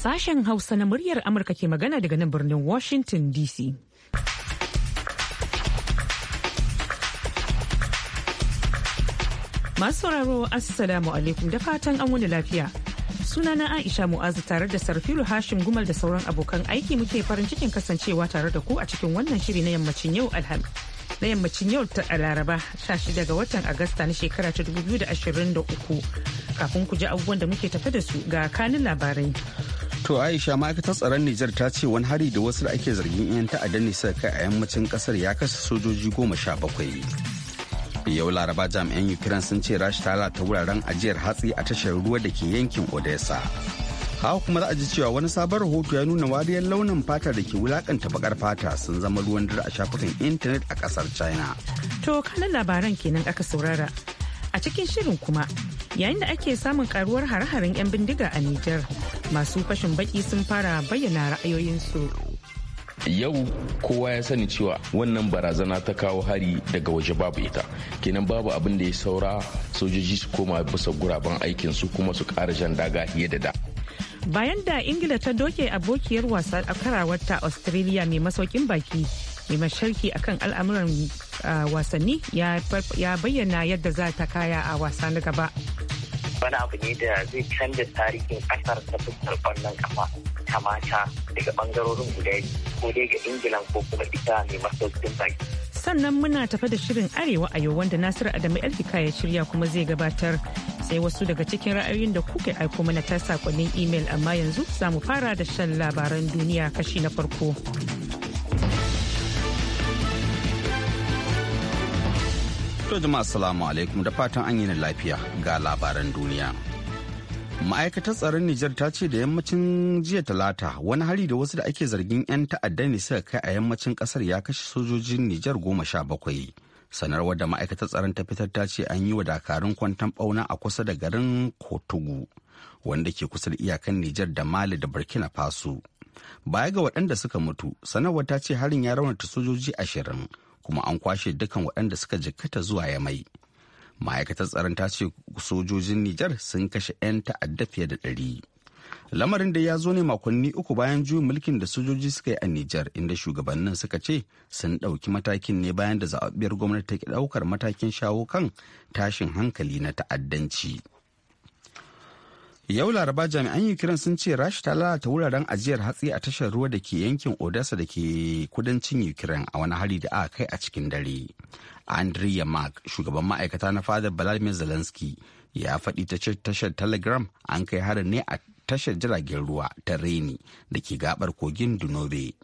Sashen Hausa na muryar Amurka ke magana daga nan birnin Washington DC. Masu sauraro Assalamu alaikum da fatan an wani lafiya. Sunana Aisha Mu'azu tare da Sarfilu Hashim Gumal da sauran abokan aiki muke farin cikin kasancewa tare da ku a cikin wannan shiri na yammacin yau alhamis. na yammacin yau ta laraba 16 ga watan agusta na shekara ta 2023 kafin ku ji abubuwan da muke tafe da su ga kanin labarai To Aisha ma'aikatar tsaron Nijar ta ce wani hari da wasu da ake zargin 'yan ta'adda ne suka kai a yammacin kasar ya kasa sojoji goma sha bakwai. Yau Laraba jami'an Ukraine sun ce Rasha ta lata wuraren ajiyar hatsi a tashar ruwa da ke yankin Odessa. Hawa kuma za a ji cewa wani sabon rahoto ya nuna wariyar launin fata da ke wulakanta bakar fata sun zama ruwan dare a shafukan intanet a kasar China. To kanan labaran kenan aka saurara. A cikin shirin kuma yayin da ake samun karuwar hare-haren 'yan bindiga a Nijar. masu fashin baki sun fara bayyana ra'ayoyinsu. yau kowa ya sani cewa wannan barazana ta kawo hari daga waje babu ita kenan babu abin da ya saura sojoji su koma bisa guraben aikin su kuma su kara jan daga fiye da da bayan da ingila ta doke abokiyar wasa a karawarta australia mai masaukin baki mai masharki akan al'amuran ah, wasanni ya bayyana yadda za ta kaya a wasa na gaba wani abu ne da zai canza tarihin kasar ta fuskar kwallon kafa ta mata daga bangarorin guda ko dai ga ingilan ko kuma ita mai masaukin baki sannan muna tafa da shirin arewa a yau wanda nasiru adamu elfika ya shirya kuma zai gabatar sai wasu daga cikin ra'ayoyin da kuka aiko mana ta sakonnin imel amma yanzu za mu fara da shan labaran duniya kashi na farko. To jama'a salamu alaikum da fatan an yi lafiya ga labaran duniya. Ma'aikatar tsaron Nijar ta ce da yammacin jiya talata wani hari da wasu da ake zargin 'yan ta'adda ne suka kai a yammacin kasar ya kashe sojojin Nijar goma sha bakwai. Sanarwar da ma'aikatar tsaron ta fitar ta ce an yi wa dakarun kwantan bauna a kusa da garin Kotugu wanda ke kusa da iyakan Nijar da Mali da Burkina Faso. Baya ga waɗanda suka mutu, sanarwar ta ce harin ya raunata sojoji ashirin kuma an kwashe dukkan waɗanda suka jikkata zuwa ya mai. ma'aikatar tsaron ta ce sojojin nijar sun kashe 'yan ta'adda fiye da ɗari lamarin da ya zo ne makonni uku bayan juyin mulkin da sojoji suka yi a nijar inda shugabannin suka ce sun ɗauki matakin ne bayan da zaɓaɓɓiyar gwamnati ta ɗaukar matakin shawo kan tashin hankali na ta'addanci. yau laraba jami'an ukraine sun ce rasha ta lalata wuraren ajiyar hatsi a tashar ruwa da ke yankin odessa da ke kudancin ukraine a wani hari da aka kai a cikin dare Andrea mark shugaban ma'aikata na fadar vladimir zelensky ya faɗi ta tashar telegram an kai harin ne a tashar jiragen ruwa ta reni da ke gabar kogin dunobe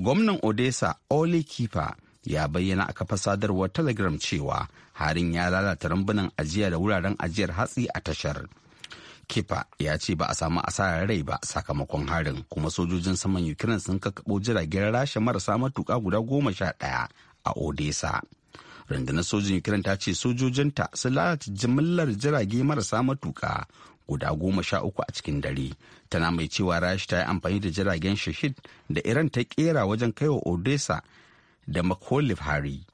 gwamnan odessa ole kifa ya bayyana a kafa sadarwar telegram cewa harin ya lalata rambunan ajiya da wuraren ajiyar hatsi a tashar kifa ya ce ba a samu asarar rai ba sakamakon harin kuma sojojin saman ukraine sun kakabo jiragen rasha marasa matuka guda goma sha ɗaya a odessa rundunar sojin ukraine ta ce sojojinta sun lalata jimillar jirage marasa matuka guda goma sha uku a cikin dare tana mai cewa rasha ta yi amfani da jiragen shahid da iran ta kera wajen kaiwa odessa da makolif hari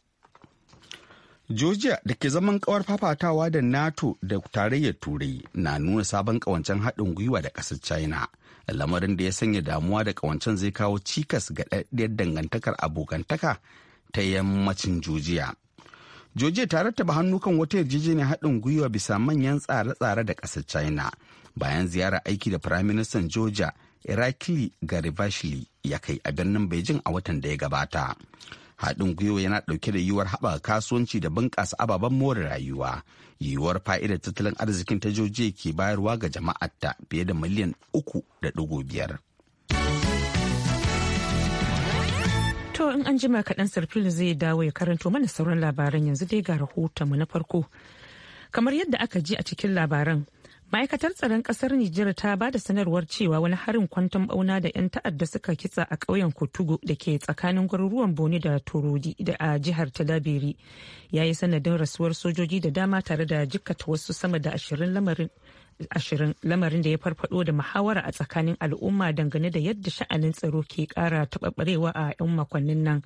Georgia da ke zaman kawar fafatawa da NATO da tarayyar Turai na nuna sabon kawancen haɗin gwiwa da ƙasar China. Lamarin da ya sanya damuwa da kawancen zai kawo cikas ga ɗaɗɗiyar dangantakar abokantaka ta yammacin Georgia. Georgia ta rattaba hannu kan wata yarjejeniyar haɗin gwiwa bisa manyan tsare-tsare da ƙasar China bayan ziyara aiki da Firaministan Georgia Irakli Garibashvili ya kai a birnin Beijing a watan da ya gabata. haɗin gwiwa yana ɗauke da yiwuwar haɓaka kasuwanci da bunƙasa ababen more rayuwa yiwuwar fa'idar tattalin arzikin ta joje ke bayarwa ga jama'arta fiye da miliyan uku da ɗigo biyar. To in an jima kaɗan sarfil zai dawo ya karanto mana sauran labaran yanzu dai ga rahotonmu na farko. Kamar yadda aka ji a cikin labaran ma'aikatar tsaron kasar nijar ta ba da sanarwar cewa wani harin kwanton bauna da 'yan ta'adda suka kitsa a ƙauyen kotugo da ke tsakanin garuruwan boni da torodi da a jihar talabiri ya yi sanadin rasuwar sojoji da dama tare da jikkata wasu sama da ashirin lamarin ashirin lamarin da ya farfado da muhawara a tsakanin al'umma dangane da yadda sha'anin tsaro ke kara taɓaɓarewa a 'yan makonnin nan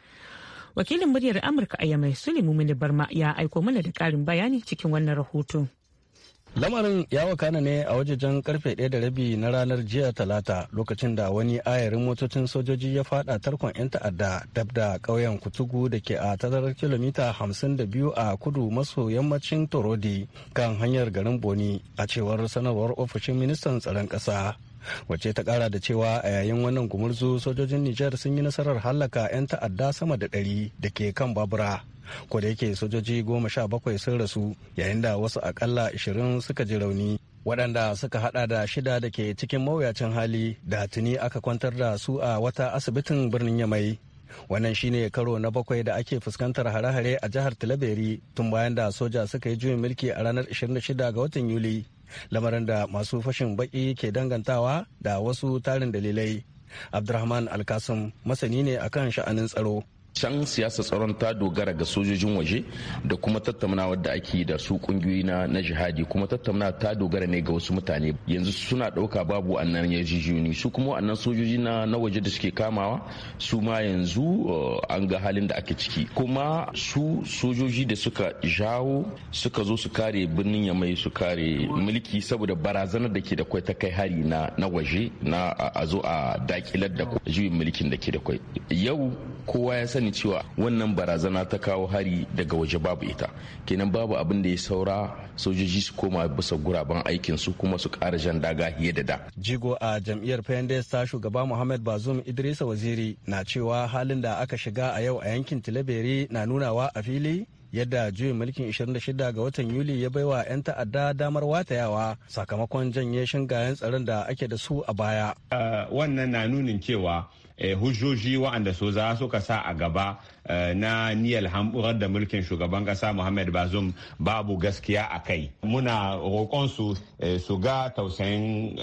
wakilin muryar amurka a yamai sulimu mini barma ya aiko mana da ƙarin bayani cikin wannan rahoton lamarin ya wakana ne a wajejen karfe ɗaya da rabi na ranar jiya talata lokacin da wani ayarin motocin sojoji ya fada tarkon 'yan ta'adda dab da ƙauyen kutugu da ke a tazarar kilomita 52 a kudu maso yammacin torodi kan hanyar garin boni a cewar sanarwar ofishin ministan tsaron ƙasa wacce ta kara da cewa a yayin wannan gumurzu sojojin nijar sun yi nasarar hallaka 'yan ta'adda sama da ɗari da ke kan babura ko da yake sojoji goma sha bakwai sun rasu yayin da wasu akalla ashirin suka ji rauni waɗanda suka hada da shida da ke cikin mawuyacin hali da tuni aka kwantar da su a wata asibitin birnin yamai wannan shine karo na bakwai da ake fuskantar hare-hare a jihar talaberi tun bayan da soja suka yi juyin mulki a ranar 26 ga watan yuli lamarin da masu fashin baki ke dangantawa da wasu tarin dalilai abdulrahman alkasim masani ne akan sha'anin tsaro can siyasa tsaron ta dogara ga sojojin waje da kuma tattaunawar da ake da su kungiyoyi na na jihadi kuma tattaunawa ta dogara ne ga wasu mutane yanzu suna ɗauka babu annan yarjejeni su kuma annan sojoji na waje da suke kamawa su ma yanzu eh, an ga halin da ake ciki kuma su sojoji da suka jawo suka zo su kare birnin ya mai su kare mulki saboda barazanar da ke da kwai ta kai hari na na waje na a zo a dakilar da juyin mulkin da ke da kwai yau kowa ya sani sani cewa wannan barazana ta kawo hari daga waje babu ita kenan babu abin da ya saura sojoji su koma bisa guraben aikin su kuma su kara jan daga da da jigo a jam'iyyar pendes ta shugaba muhammad bazum idrisa waziri na cewa halin da aka shiga a yau a yankin tilaberi na nunawa a fili yadda juyin mulkin 26 ga watan yuli ya baiwa 'yan ta'adda damar watayawa sakamakon janye shingayen tsaron da ake da su a baya. wannan na nunin cewa Eh, hujjoji waɗanda su za suka sa a gaba eh, na niyyar hamburar da mulkin shugaban ƙasa Muhammad Bazoum babu gaskiya a kai. Muna roƙon su eh, su ga tausayin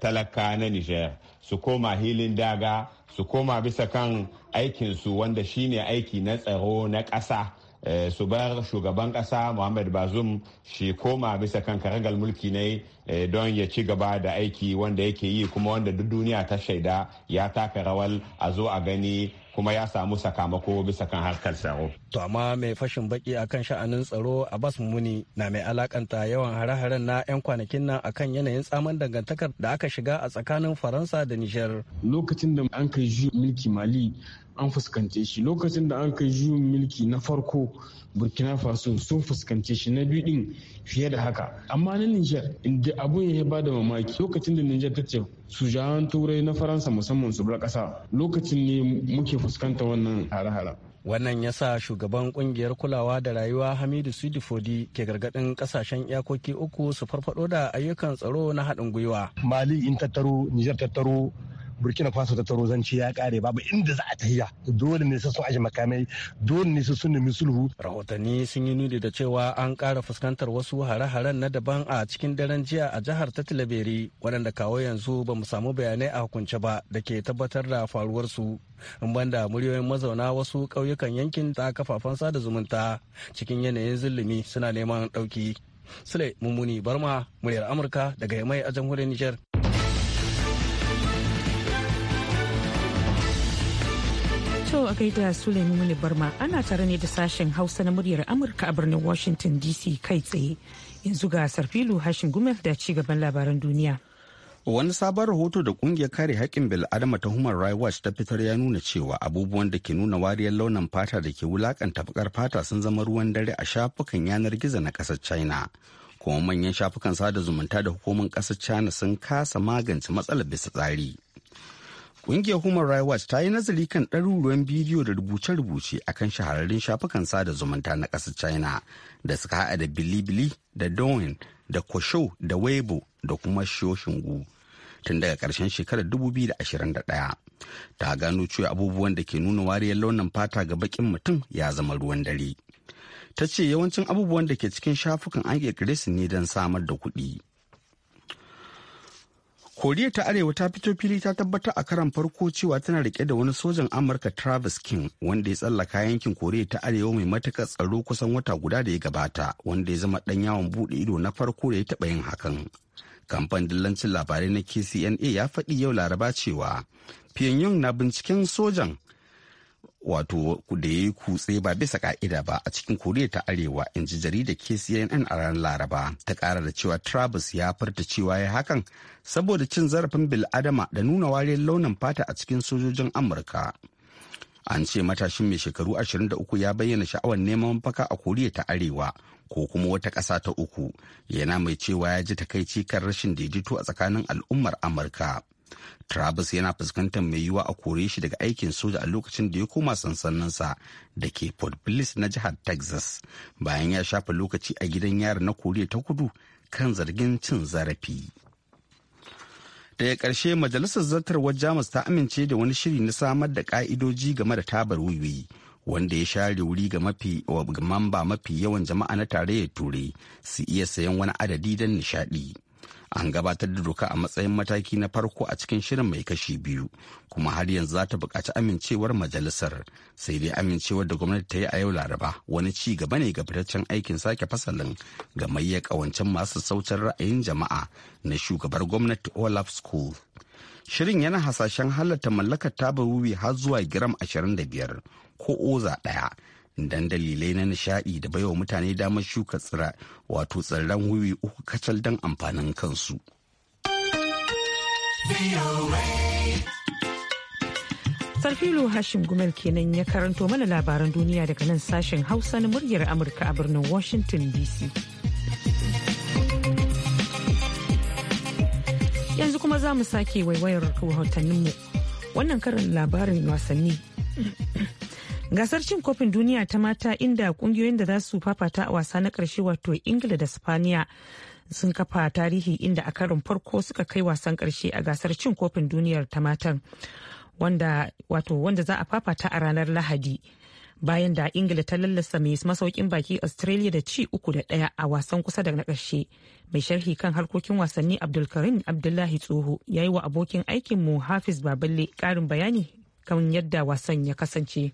talaka na Nijar su koma hilin daga su koma bisa kan aikinsu wanda shine aiki na tsaro na ƙasa. Eh, su bar shugaban kasa muhammad bazum shi koma bisa kan karagal mulki ne eh, don ya ci gaba da aiki wanda yake yi kuma wanda duk duniya ta shaida ya taka rawal a zo a gani kuma ya samu sakamako bisa kan harkar tsaro. To amma mai fashin baki akan sha'anin tsaro Abbas muni na mai alakanta yawan hare-haren na 'yan kwanakin nan akan yanayin tsaman dangantakar da aka shiga a tsakanin Faransa da Nijar. Lokacin da an kai ju mulki Mali an fuskance shi lokacin da an kai juyin mulki na farko burkina faso sun fuskance shi na biyu din fiye da haka amma na niger inda abun ya ba da mamaki lokacin da niger ta ce su jawon turai na faransa musamman su bar kasa lokacin ne muke fuskanta wannan hare-hare wannan ya sa shugaban kungiyar kulawa da rayuwa hamidu sidifodi ke gargadin kasashen iyakoki uku su farfado da ayyukan tsaro na haɗin gwiwa mali in tattaro niger tattaro burkina faso ta taro zanci ya kare babu inda za a tahiya dole ne su sun aje makamai dole ne su sun nemi sulhu rahotanni sun yi nuni da cewa an kara fuskantar wasu hare-haren na daban a cikin daren jiya a jihar ta tilaberi waɗanda kawo yanzu ba mu samu bayanai a hukunce ba da ke tabbatar da faruwar su in banda muryoyin mazauna wasu ƙauyukan yankin ta kafafen sada zumunta cikin yanayin zulumi suna neman ɗauki sule mummuni barma muryar amurka daga mai a jamhuriyar niger so a gaida Sulaimu Muni Barma ana tare ne da sashen Hausa na muryar Amurka a birnin Washington DC kai tsaye. Yanzu ga Sarfilu Hashin Gumel da ci gaban labaran duniya. Wani sabon rahoto da kungiyar kare haƙƙin bil'adama ta Human Rights Watch ta fitar ya nuna cewa abubuwan da ke nuna wariyar launin fata da ke wulakanta bakar fata sun zama ruwan dare a shafukan yanar gizo na ƙasar China. Kuma manyan shafukan sada zumunta da hukumar ƙasar China sun kasa magance matsalar bisa tsari. Ƙungiyar Human Rights Watch ta yi nazari kan ɗaruruwan bidiyo da rubuce-rubuce a kan shahararrun shafukan sada zumunta na ƙasar China da suka haɗa da Bilibili da Douyin da Kosho da Weibo da kuma Shoshingu tun daga ƙarshen shekarar 2021. Ta gano cewa abubuwan da ke nuna wariyar launin fata ga baƙin mutum ya zama ruwan dare. Ta ce yawancin abubuwan da ke cikin shafukan an ƙirƙire su ne don samar da kuɗi. koriya ta arewa ta fito fili ta tabbatar a karan farko cewa tana rike da wani sojan amurka travis king wanda ya tsallaka yankin koriya ta arewa mai matakar tsaro kusan wata guda da ya gabata wanda ya zama ɗan yawon buɗe ido na farko da ya taɓa yin hakan kamfan dillancin labarai na kcna ya faɗi yau laraba cewa pyongyang na binciken sojan wato da ya yi kutse ba bisa ka'ida ba a cikin koriya ta arewa in ji jarida kcnn a ranar laraba ta kara da cewa travis ya furta cewa ya hakan saboda cin zarafin bil'adama da nuna wariyar launin fata a cikin sojojin amurka an ce matashin mai shekaru 23 ya bayyana sha'awar neman mafaka a koriya ta arewa ko kuma wata ƙasa ta uku yana mai cewa ya ji takaici kan rashin daidaito a tsakanin al'ummar amurka Travis yana fuskantar mai yiwuwa a kore shi daga aikin soja a lokacin da ya koma sansaninsa da ke Fort Bliss na jihar Texas bayan ya shafa lokaci a gidan yari na Koriya ta kudu kan zargin cin zarafi. Daga ƙarshe majalisar zartarwar Jamus ta amince da wani shiri na samar da ƙa'idoji game da tabar wiwi wanda ya share wuri ga mafi mamba mafi yawan jama'a na tarayyar turai su iya sayan wani adadi don nishaɗi. an gabatar da doka a matsayin mataki na farko a cikin shirin mai kashi biyu kuma har yanzu za ta buƙaci amincewar majalisar sai dai amincewar da gwamnati ta yi a yau laraba wani ci gaba ne ga fitaccen aikin sake fasalin ga maye kawancen masu saucin ra'ayin jama'a na shugabar gwamnati olaf school shirin yana hasashen halarta mallakar tabar wuwi har zuwa giram ashirin da biyar, ko oza ɗaya dan dalilai na nishaɗi da baiwa mutane damar shuka tsira wato tsirran wiwi uku kacal don amfanin kansu. Sarfilu Hashim Gumel kenan ya karanto mana labaran duniya daga nan sashen Hausa na muryar Amurka a birnin Washington DC. Yanzu kuma za mu sake waiwayar rahotanninmu. Wannan karin labarin wasanni. gasar cin kofin duniya ta mata inda kungiyoyin da za su fafata a wasa na karshe wato ingila da spaniya sun kafa tarihi inda a karin farko suka kai wasan karshe a gasar cin kofin duniyar ta matan wanda wato wanda za a fafata a ranar lahadi bayan da ingila ta lallasa mai masaukin baki australia da ci uku da daya a wasan kusa da na ƙarshe mai sharhi kan harkokin wasanni abdulkarim abdullahi tsoho ya yi wa abokin aikinmu hafiz baballe ƙarin bayani kan yadda wasan ya kasance.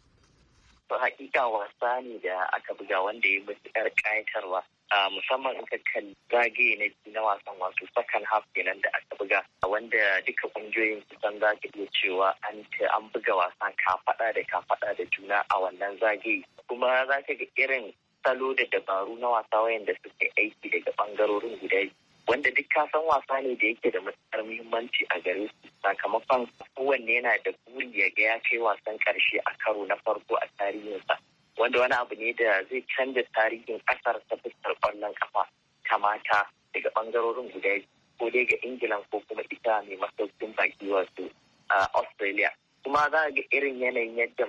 to hakika wasa ne da aka buga wanda ya yi matuƙar ƙayatarwa musamman ka kan zage na na wasan wasu second half kenan da aka buga a wanda duka ƙungiyoyin su san za ka iya cewa an an buga wasan kafaɗa da kafaɗa da juna a wannan zage kuma za ka ga irin salo da dabaru na wasa wayanda suka aiki daga bangarorin guda biyu. wanda duk ka wasa ne da yake da matuƙar muhimmanci a gare su sakamakon kowanne yana da buri ya ga ya kai wasan karshe a karo na farko a tarihinsa wanda wani abu ne da zai canza tarihin kasar ta fuskar ƙwallon kafa kamata daga bangarorin guda ko dai ga ingila ko kuma ita mai masaukin baki wasu a australia kuma za ga irin yanayin yadda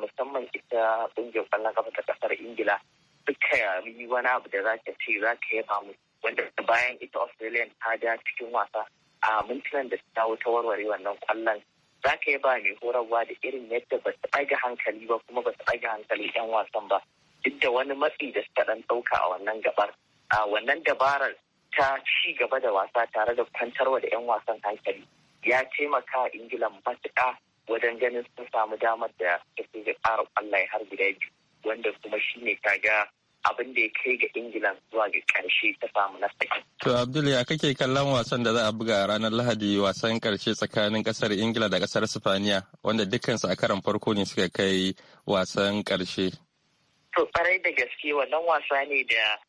musamman ita ƙungiyar ƙwallon kafa ta ƙasar ingila suka yi wani abu da za ka ce za ka yaba musu wanda bayan ita australia ta ja cikin wasa a mintunan da ta wuta warware wannan kwallon za ka yi ba mai horarwa da irin yadda ba su ɗage hankali ba kuma ba su ɗage hankali 'yan wasan ba duk da wani matsi da suka ɗan ɗauka a wannan gabar a wannan dabarar ta ci gaba da wasa tare da kwantarwa da 'yan wasan hankali ya taimaka a ingila matuƙa wajen ganin sun samu damar da suke da ƙara ƙwallaye har guda biyu wanda kuma shine ga abin da ya kai ga Ingila zuwa ga karshe ta samu nasara. To Abdul ya kake kallon wasan da za a buga ranar Lahadi wasan karshe tsakanin kasar Ingila da kasar Sifaniya wanda dukkansu a karan farko ne suka kai wasan karshe. To tsarai da gaske wannan wasa ne da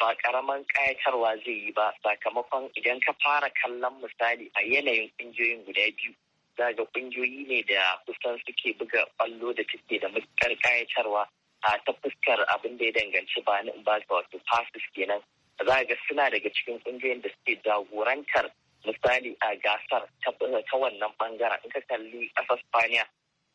ba karaman kayatarwa zai yi ba sakamakon idan ka fara kallon misali a yanayin kungiyoyin guda biyu za ga kungiyoyi ne da kusan suke buga ɓallo da take da matukar kayatarwa A ta fuskar abin da ya danganci ba ni ba wato passes kenan za ga suna daga cikin kungiyoyin da suke jagorantar misali a gasar ta wannan bangaren in ka kalli ƙasar spaniya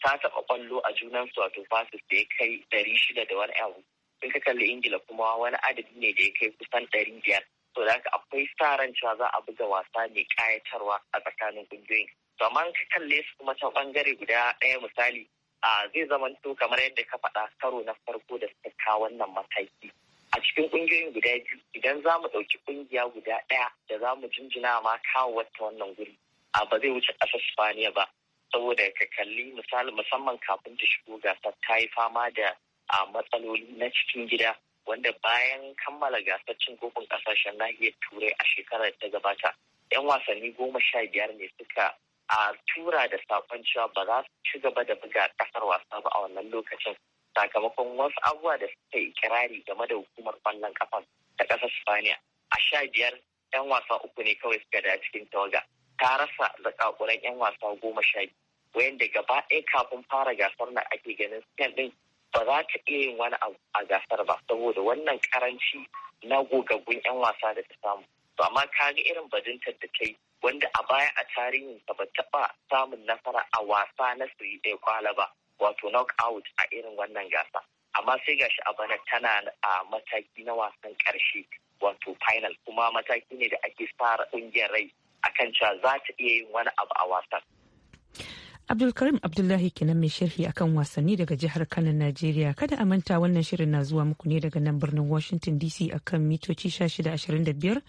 ta taɓa kwallo a junan su wato passes da ya kai ɗari shida da wani abu in ka kalli ingila kuma wani adadi ne da ya kai kusan ɗari biyar to da akwai sa ran cewa za a buga wasa mai kayatarwa a tsakanin kungiyoyin to amma ka kalle su kuma ta bangare guda ɗaya misali a zai zamanto kamar yadda ka faɗa karo na farko da suka kawo wannan mataki a cikin ƙungiyoyin guda biyu idan za mu ɗauki ƙungiya guda ɗaya da za mu jinjina ma kawo wata wannan guri a ba zai wuce ƙasar spaniya ba saboda ka kalli misali musamman kafin ta shigo gasar ta yi fama da a matsaloli na cikin gida wanda bayan kammala gasar cin kofin ƙasashen nahiyar turai a shekarar da ta gabata 'yan wasanni goma sha biyar ne suka a tura da sakon cewa ba za su ci gaba da buga kasar wasa ba a wannan lokacin sakamakon wasu abubuwa da suka yi kirari game da hukumar kwallon kafan ta kasar spaniya a sha biyar yan wasa uku ne kawai suka da cikin tawaga ta rasa zakakuran yan wasa goma sha biyu wayanda gaba ɗaya kafin fara gasar na ake ganin spain din ba za ta iya yin wani abu a gasar ba saboda wannan karanci na gogaggun yan wasa da ta samu to amma ka ga irin bajintar da ta yi wanda a baya a tarihin ba taɓa samun nasara a wasa na su ɗaya kwala ba wato knockout a irin wannan gasa amma sai gashi a bana tana a mataki na wasan ƙarshe wato final kuma mataki ne da ake fara ƙungiyar rai akan cewa za ta iya yin wani abu a wasan. Abdulkarim Abdullahi kenan mai sharhi akan wasanni daga jihar Kano Najeriya kada a manta wannan shirin na zuwa muku ne daga nan birnin Washington DC akan mitoci 1625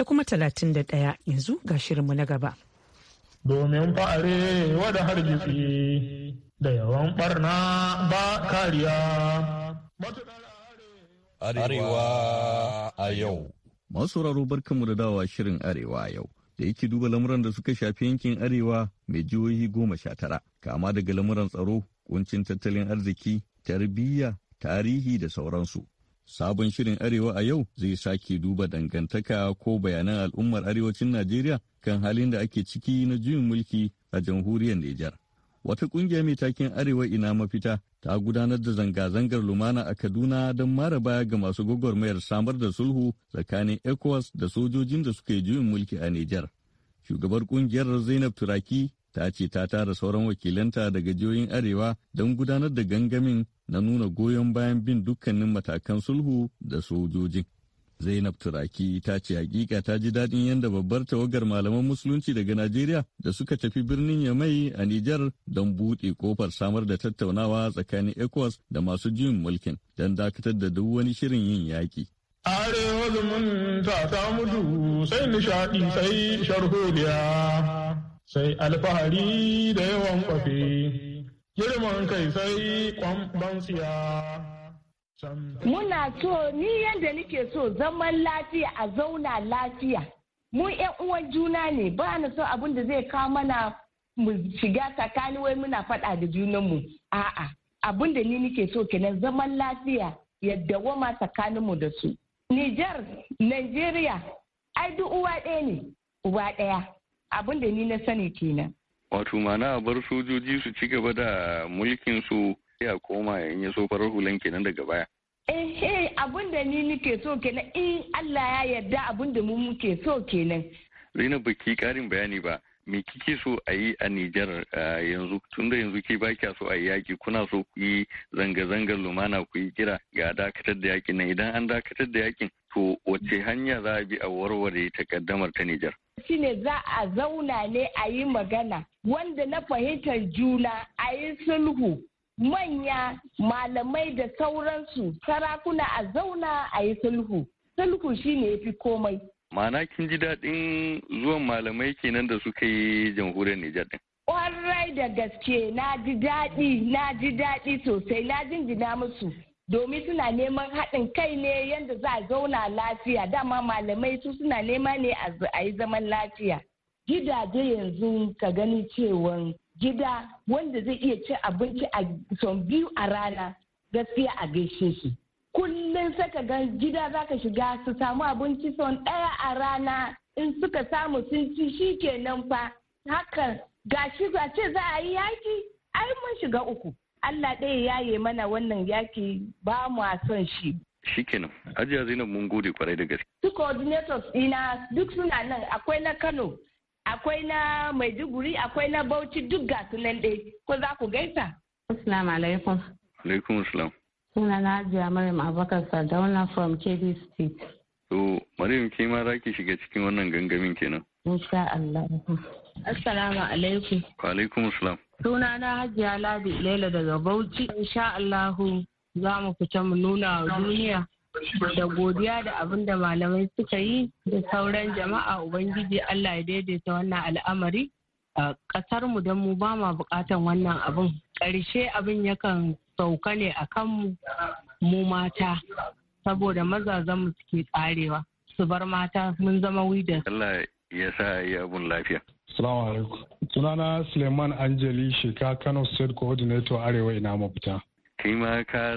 da kuma 31 yanzu ga shirinmu na gaba. Domin fa'are wada hargitsi da yawan barna ba kariya. Arewa a yau. Masu sauraro barkanmu da dawa shirin Arewa a yau. Da yake duba lamuran da suka shafi yankin Arewa mai jihohi goma sha tara, kama daga lamuran tsaro, kuncin tattalin arziki, tarbiyya, tarihi da sauransu. Sabon shirin Arewa a yau zai sake duba dangantaka ko bayanan al'ummar arewacin Najeriya kan halin da ake ciki na juyin mulki a jamhuriyar Nijar. Wata ƙungiya mai takin Arewa ina mafita ta gudanar da zanga-zangar lumana a Kaduna don mara baya ga masu gwagwarmayar samar da sulhu tsakanin ECOWAS da sojojin da suka yi juyin mulki a Nijar. Shugabar ƙungiyar Zainab Turaki ta ce ta tara sauran wakilanta daga jihohin arewa don gudanar da gangamin na nuna goyon bayan bin dukkanin matakan sulhu da sojojin. Zainab Turaki ta ce hakika ta ji daɗin yadda babbar tawagar malaman musulunci daga Najeriya da suka tafi birnin Yamai a Nijar don buɗe kofar samar da tattaunawa tsakanin ECOWAS da masu juyin mulkin don dakatar da duk wani shirin yin yaƙi. Arewa zumunta ta mutu sai nishaɗi sai sharholiya. sai alfahari da yawan kwafi, girman kai sai kwamban siya. Muna so ni yadda nake so zaman lafiya a zauna lafiya. Mu ‘yan uwan juna ne ba na so abin da zai kawo mana mu shiga tsakani wai muna faɗa da junanmu. A'a, abin da ni nake so kenan zaman lafiya yadda wama tsakaninmu da su. Nijar, Najeriya, ai duk uwa ɗaya ne, uwa ɗaya. abin da ni na sani kenan wato mana a bar sojoji su ci gaba da mulkin su ya koma in ya so farar hulan kenan daga baya eh eh abin da ni nake so kenan in Allah ya yarda abin da mu muke so kenan Zainab baki karin bayani ba me kike so a yi a Nijar yanzu tunda yanzu ke ba kya so a yi yaki kuna so ku yi zanga-zangar lumana ku yi kira ga dakatar da yakin nan idan an dakatar da yakin to wace hanya za a bi a warware takaddamar ta Nijar? ne za a zauna ne a yi magana wanda na fahimtar juna a yi sulhu manya malamai da sauransu sarakuna a zauna a yi sulhu sulhu shine ya fi komai Mana kin ji daɗin zuwan malamai kenan da suka yi jamhuriyar Nijar din. Ƙwarai da gaske na ji daɗi na ji daɗi sosai na jinjina musu domin suna neman haɗin kai ne yadda za a zauna lafiya dama malamai su suna nema ne a yi zaman lafiya gidaje yanzu ka gani cewa gida wanda zai iya ci abinci a son biyu a rana gaskiya a gaishe shi kullum saka ga gida za ka shiga su samu abinci son ɗaya a rana in suka samu sun ci shi kenan fa haka gashi a za a yi yaki ai mun shiga uku Allah ɗaya yaye mana wannan yaki ba mu son shi. Shikenan, Hajiya zina mun gode kwarai da gaske. Su coordinators ina duk suna nan akwai na Kano, akwai na Maiduguri, akwai na Bauchi duk ga su nan dai. Ko za ku gaisa? Assalamu alaikum. Alaikum assalam. Suna na ajiya Maryam Abubakar Sadauna from KB State. To, Maryam ke ma za ki shiga cikin wannan gangamin kenan. Insha Allah. Assalamu alaikum. Wa alaikum salam. Suna na Hajiya Ladi Laila daga Bauchi. Insha Allahu za mu fita mu nuna wa duniya da godiya da abin da malamai suka yi da sauran jama'a Ubangiji Allah ya daidaita wannan al'amari. A ƙasar mu don mu ba ma buƙatan wannan abin. Ƙarshe abin yakan sauka ne a kan mu mata saboda mazazan mu suke tsarewa. Su bar mata mun zama widas. ya sa ya abun lafiya. Salamu alaikum. Sunana Suleiman Anjali Sheka Kano State Coordinator Arewa ina mafita. Kai ma ka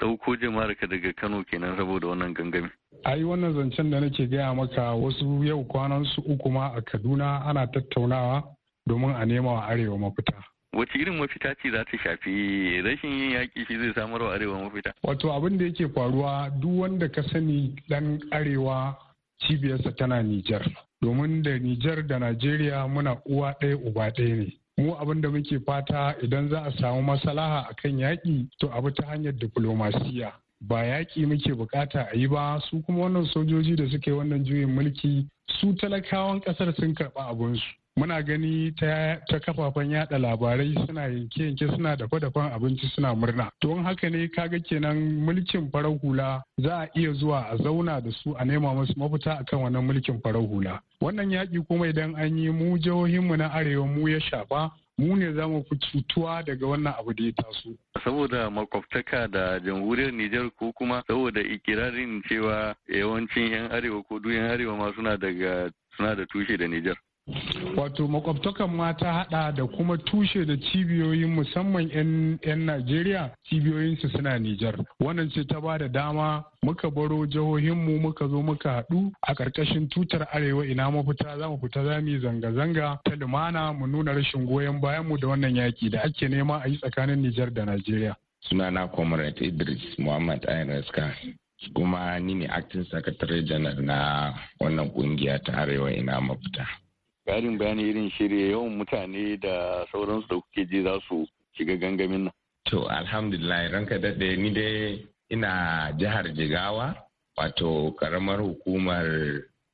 ɗauko jama'ar ka daga Kano kenan saboda wannan gangami. Ai wannan zancen da nake gaya maka wasu yau kwanan su uku ma a Kaduna ana tattaunawa domin a nema wa Arewa mafita. wace irin mafita ce za ta shafi rashin yin yaƙi shi zai samar wa arewa mafita wato abin da yake faruwa duk wanda ka sani dan arewa cibiyarsa tana nijar domin da Nijar da Najeriya muna uwa ɗaya uba ɗaya ne. Mu abin da muke fata idan za a samu masalaha a kan yaƙi to abu ta hanyar diflomasiya. Ba yaƙi muke bukata a yi ba su kuma wannan sojoji da suke wannan juyin mulki su talakawan ƙasar sun karɓa abinsu. muna gani ta, kafafen yada labarai suna yanke-yanke suna dafa-dafan abinci suna murna don haka ne kaga kenan mulkin farar hula za a iya zuwa a zauna da su a nema masu mafita akan wannan mulkin farar hula wannan yaƙi kuma idan an yi mu jihohinmu na arewa mu ya shafa mu ne za mu fi cutuwa daga wannan abu da ya taso. Saboda makwabtaka da jamhuriyar Nijar ko kuma saboda ikirarin cewa yawancin 'yan arewa ko 'yan arewa ma suna daga suna da tushe da Nijar. wato makwabtakan mata ta hada da kuma tushe da cibiyoyin musamman 'yan najeriya cibiyoyinsu suna nijar wannan ce ta ba da dama muka baro jihohinmu muka zo muka hadu a ƙarƙashin tutar arewa ina mafita za mu fita za mu yi zanga-zanga ta lumana mu nuna rashin goyon bayanmu da wannan yaki da ake nema a yi tsakanin nijar da najeriya sunana comrade idris muhammad ayreska kuma ni ne acting secretary janar na wannan kungiya ta arewa ina mafita karin bayani irin shirya yawan mutane da sauransu da kuke ji za su shiga gangamin nan. To alhamdulillah ranka daɗe ni dai ina jihar Jigawa wato karamar hukumar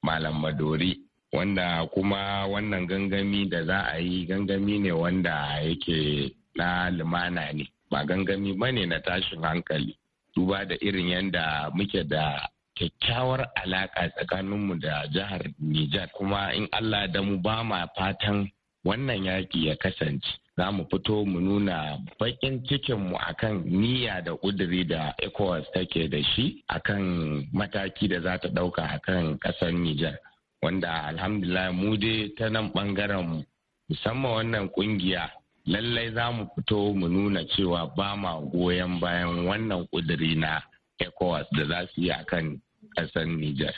Malam Madori wanda kuma wannan gangami da za a yi gangami ne wanda yake na lumana ne ba gangami ba ne na tashin hankali duba da irin yadda muke da kyakkyawar alaƙa tsakaninmu da jihar Nijar kuma in Allah da mu ba ma fatan wannan yaƙi ya kasance. Za mu fito mu nuna baƙin cikinmu akan niyya da ƙuduri da ECOWAS take da shi akan mataki da za ta ɗauka kan ƙasar Nijar. Wanda alhamdulillah mu dai ta nan ɓangaren musamman wannan ƙungiya lallai za mu fito mu nuna cewa ba ma goyon bayan wannan ƙuduri na ECOWAS da za su yi akan ƙasar Nijar.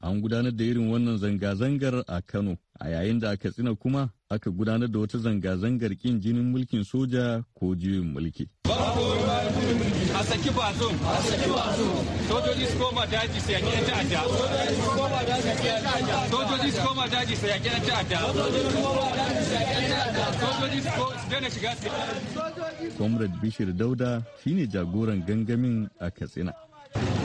An gudanar da irin wannan zanga-zangar a Kano, a yayin da a Katsina kuma aka gudanar da wata zanga-zangar ƙin jinin mulkin soja ko juyin mulki. A saki bazum, sojoji su koma daji su yaƙi 'yan ta'adda. Sojoji su koma daji su yaƙi 'yan ta'adda. Sojoji su daina shiga su. Comrade Bishir Dauda shine jagoran gangamin a Katsina.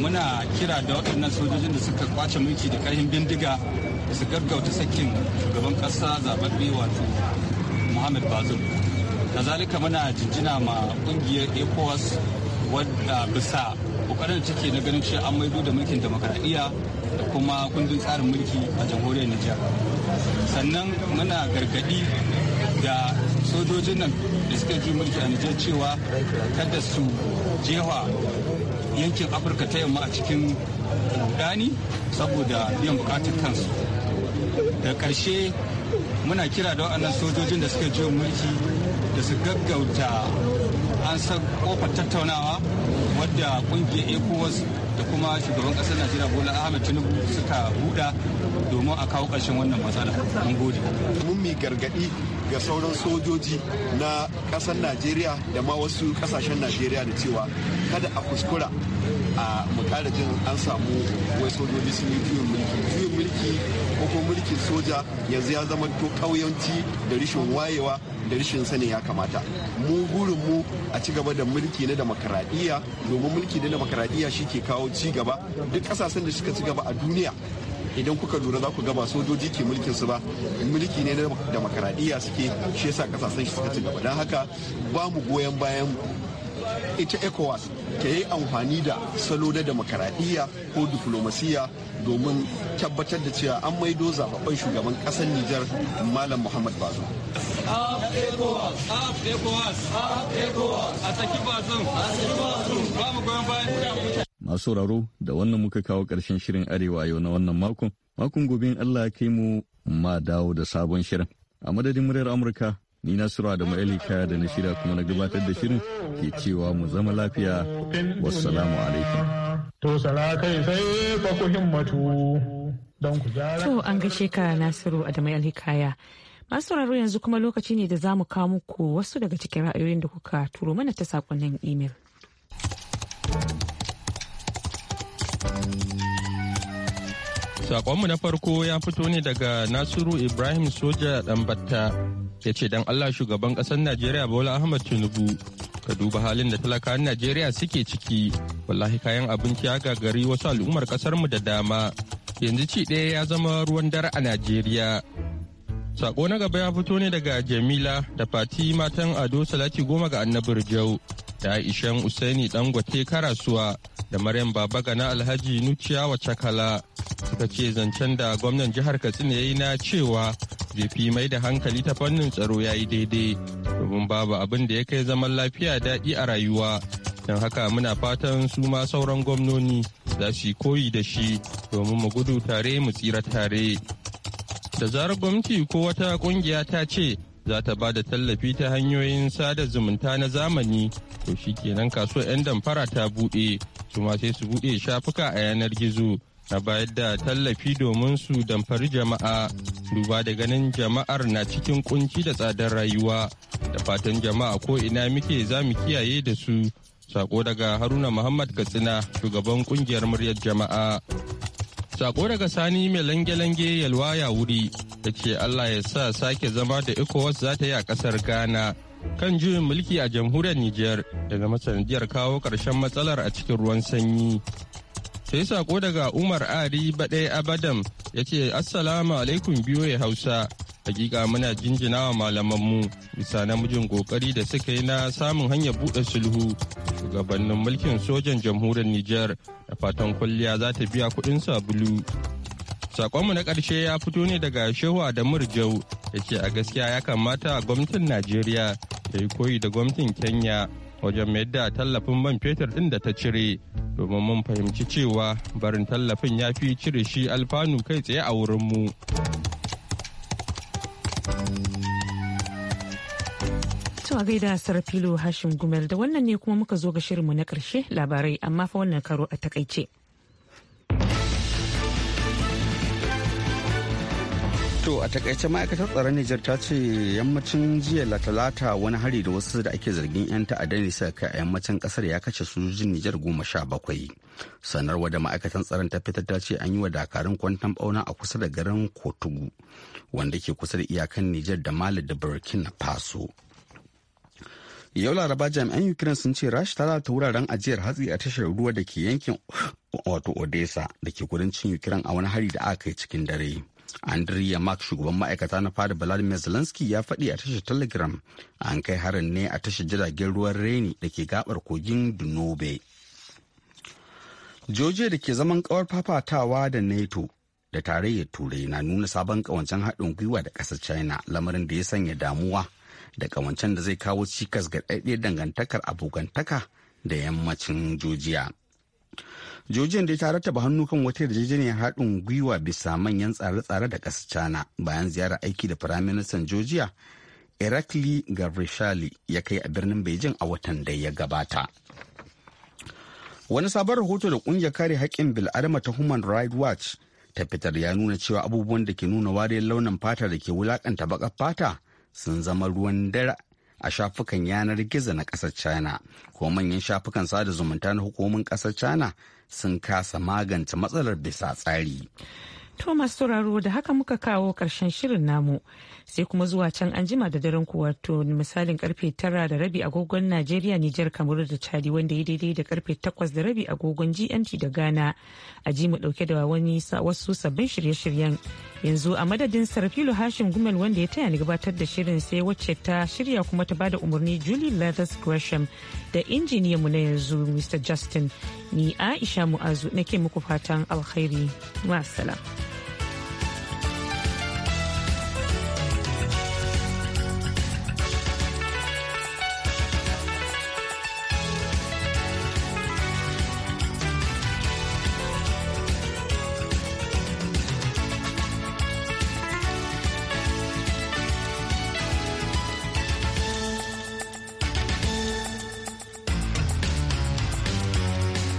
muna kira da waɗannan sojojin da suka kwace mulki da ƙarfin bindiga da su gaggauta sakin shugaban ƙasa biyu wato muhammad bazum kazalika muna jinjina ma ƙungiyar ecowas wadda bisa ƙoƙarin da take na ganin cewa an maido da mulkin demokradiyya da kuma kundin tsarin mulki a jamhuriyar Nijar. Sannan muna gargadi da sojojin nan da suka ji mulki a Nijar cewa kada su jewa yankin afirka ta yamma a cikin rudani saboda biyan bukatun kansu da ƙarshe muna kira da waɗannan sojojin da suka jiyo mulki da su gaggauta an san kofar tattaunawa wadda ƙungiyar ecowas da kuma shugaban ƙasar najeriya bola ahmed tinubu suka buɗa domin a kawo ƙarshen wannan matsala mun gode mun mi gargaɗi ga sauran sojoji na ƙasar najeriya da ma wasu ƙasashen najeriya da cewa kada a kuskura a mukara jin an samu wai sojoji sun yi juyin mulki juyin mulki ko kuma mulkin soja yanzu ya zama to ƙauyanci da rishin wayewa da rashin sanin ya kamata mu gurin mu a ci gaba da mulki na demokaradiyya domin mulki na demokaradiyya shi ke kawo ci gaba duk ƙasashen da suka ci gaba a duniya idan kuka lura za ku gaba sojoji ke mulkin su ba mulki ne na makaradiyya suke shi yasa kasashen shi suka ci gaba don haka ba mu goyon bayan ita ecowas ta yi amfani da salo na demokaradiyya ko diplomasiya domin tabbatar da cewa an maido zababban shugaban kasar nijar malam muhammad bazo a saki bazon ba mu goyon bayan Masu sauraro da wannan muka kawo ƙarshen shirin Arewa yau na wannan makon. Makon gobe in Allah ya kai mu ma dawo da sabon shirin. A madadin muryar Amurka, ni na sura da ma'ali kaya da na shirya kuma na gabatar da shirin ke cewa mu zama lafiya. Wassalamu alaikum. To kai sai ku himmatu don ku To an ga ka Nasiru Adamu Alhikaya. Masu sauraro yanzu kuma lokaci ne da za mu kawo muku wasu daga cikin ra'ayoyin da kuka turo mana ta sakonnin imel. Sakonmu na farko ya fito ne daga Nasiru Ibrahim Soja Ɗanbatta ya ce don Allah shugaban ƙasar Najeriya Bola Ahmad Tinubu ka duba halin da talakawan Najeriya suke ciki wallahi kayan abinci ya gagari wasu al'ummar ƙasarmu da dama yanzu ci ɗaya ya zama ruwan dare a Najeriya. Sako na gaba ya fito ne daga Jamila da Fati matan Ado Salati goma ga Annabi Rijau da Aishan Usaini Dangote Karasuwa da Maryam Babaga na Alhaji Nuciya wa Cakala suka ce zancen da gwamnan jihar Katsina ya yi na cewa zai fi mai da hankali ta fannin tsaro ya yi daidai domin babu abin da ya kai zaman lafiya daɗi a rayuwa. Don haka muna fatan su ma sauran gwamnoni za su yi koyi da shi domin mu gudu tare mu tsira tare. Da zarar gwamnati ko wata kungiya ta ce za ta ba da tallafi ta hanyoyin sada zumunta na zamani to shi kenan kasuwar 'yan damfara ta buɗe kuma sai su buɗe shafuka a yanar gizo na bayar da tallafi domin su damfari jama'a duba da ganin jama'ar na cikin kunci da tsadar rayuwa da fatan jama'a ko ina muke za mu kiyaye da su sako daga haruna muhammad katsina shugaban kungiyar muryar jama'a sako daga sani mai lange-lange yalwa ya wuri da ce allah ya sa sake zama da ecowas za ta yi a kasar ghana kan juyin mulki a jamhuriyar Nijar da zama sanadiyar kawo ƙarshen matsalar a cikin ruwan sanyi. Sai sako daga Umar Ari Baɗe Abadam ya ce Assalamu alaikum ya Hausa. Hakika muna jinjina wa malamanmu bisa namijin kokari da suka yi na samun hanyar buɗe sulhu shugabannin mulkin sojan jamhuriyar Nijar da fatan kwalliya za ta biya kuɗin sabulu. Sakonmu na ƙarshe ya fito ne daga shehuwa da murjau ya ce a gaskiya ya kamata gwamnatin Najeriya da yi koyi da gwamnatin Kenya wajen mayar da tallafin man fetur ɗin da ta cire domin mun fahimci cewa barin tallafin ya fi cire shi alfanu kai tsaye a wurinmu. To a gaida Sarfilo Hashim Gumel da wannan ne kuma muka zo ga shirinmu na karshe labarai amma fa wannan karo a takaice. To a takaice ma'aikatar tsaron Nijar ta ce yammacin jiya latalata wani hari da wasu da ake zargin 'yan ta'adda ne suka kai a yammacin kasar ya kashe sojojin Nijar goma sha bakwai. Sanarwa da ma'aikatan tsaron ta fitar ta ce an yi wa dakarun kwantan bauna a kusa da garin Kotugu wanda ke kusa da iyakan Nijar da Mali da Burkina Faso. Yau Laraba jami'an Ukraine sun ce Rasha ta lalata wuraren ajiyar hatsi a tashar ruwa da ke yankin wato Odessa da ke kudancin Ukraine a wani hari da aka yi cikin dare. andriy mark shugaban ma'aikata na fada vladimir zelensky ya faɗi a tashar telegram an kai harin ne a tashar jiragen ruwan reni da ke gabar kogin dunobe georgia da ke zaman kawar fafatawa da nato da tarayyar turai na nuna sabon kawancen haɗin gwiwa da ƙasar china lamarin da ya sanya damuwa da kawancen da zai kawo cikas ga ɗaiɗe dangantakar abokantaka da yammacin georgia Jojiyar dai ta rattaba hannu kan wata yarjejeniyar haɗin gwiwa bisa manyan tsare-tsare da ƙasar China bayan ziyarar aiki da Firaministan Jojiya. Irakli Gavrishali ya kai a birnin Beijing a watan da ya gabata. Wani sabon rahoto da ƙungiyar kare haƙƙin bil'adama ta Human Rights Watch ta fitar ya nuna cewa abubuwan da ke nuna wariyar launin fata da ke wulakanta baƙar fata sun zama ruwan dare a shafukan yanar gizo na ƙasar china ko manyan shafukan sada zumunta na hukumomin ƙasar china sun kasa magance matsalar bisa tsari To masu sauraro da haka muka kawo karshen shirin namu sai kuma zuwa can an jima da daren ku wato misalin karfe tara da rabi agogon Najeriya Nijar Kamaru da Chadi wanda ya daidai da karfe takwas da rabi agogon GMT da Ghana a ji mu dauke da wani wasu sabbin shirye-shiryen yanzu a madadin sarfilo Hashim Gumel wanda ya taya ni gabatar da shirin sai wacce ta shirya kuma ta bada umarni Julie Lathers Gresham da mu na yanzu Mr. Justin ni Aisha Mu'azu nake muku fatan alkhairi. Ma'asala.